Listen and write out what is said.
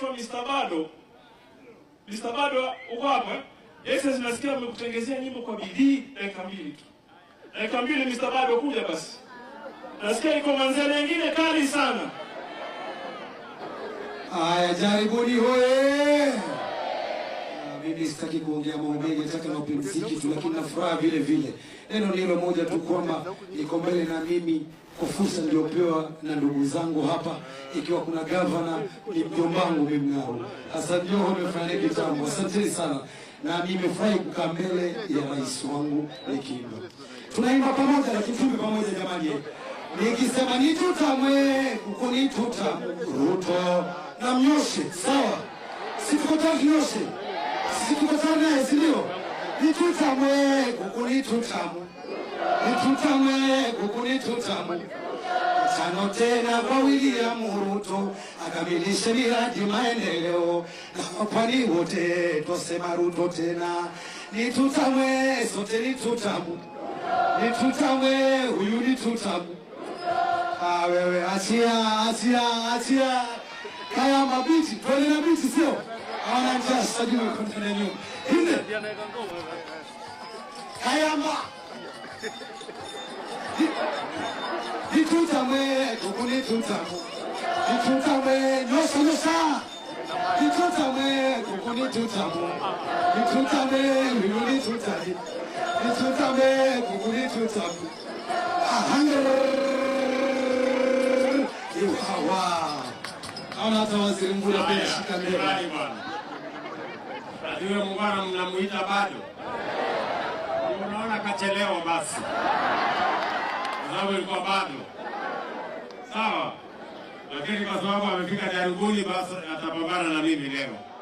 naitwa Mr. Bado. Mr. Bado uko hapa? Eh? Yes, zinasikia amekutengezea nyimbo kwa bidii dakika mbili tu. Dakika mbili Mr. Bado kuja basi. Nasikia iko manzana nyingine kali sana. Aya, jaribuni hoye zaidi, sitaki kuongea mambo mengi, nataka mapumziki tu, lakini nafuraha vile vile. Neno ni hilo moja tu kwamba niko mbele na mimi kwa fursa niliyopewa na ndugu zangu hapa, ikiwa kuna gavana ni mjombangu mimi nao. Hassan Joho amefanya kitambo, asanteni sana, na nimefurahi kukaa mbele ya rais wangu nikiimba. Tunaimba pamoja, lakini tuimbe pamoja jamani. Nikisema nitutamwe huko Ruto na mnyoshe, sawa? Sifukotaki nyoshe Tuko sana si ndio? Nitutame kuku nitutamu. Nitutame kuku nitutamu. Tano tena kwa William Ruto akamilishe miradi maendeleo na wakwani wote twasema Ruto tena nitutame sote nitutamu. Nitutame huyu nitutamu. Ah, wewe achia achia achia. Kaya mabiti, twende na biti sio? 싸기로 컨테네니 근데 가야마 니 통장에 누구니 통장 니 통장에 요사요사 니 통장에 누구니 통장 니 통장에 누구니 통장이 니 통장에 누구니 통장 아한글 이와와 아나타와 지금 무라베 시간대 라 yule mungwana mnamuita bado, unaona kachelewa basi, kwa sababu ilikuwa bado sawa, lakini kwa sababu amefika Daruguni, basi atapambana na mimi leo.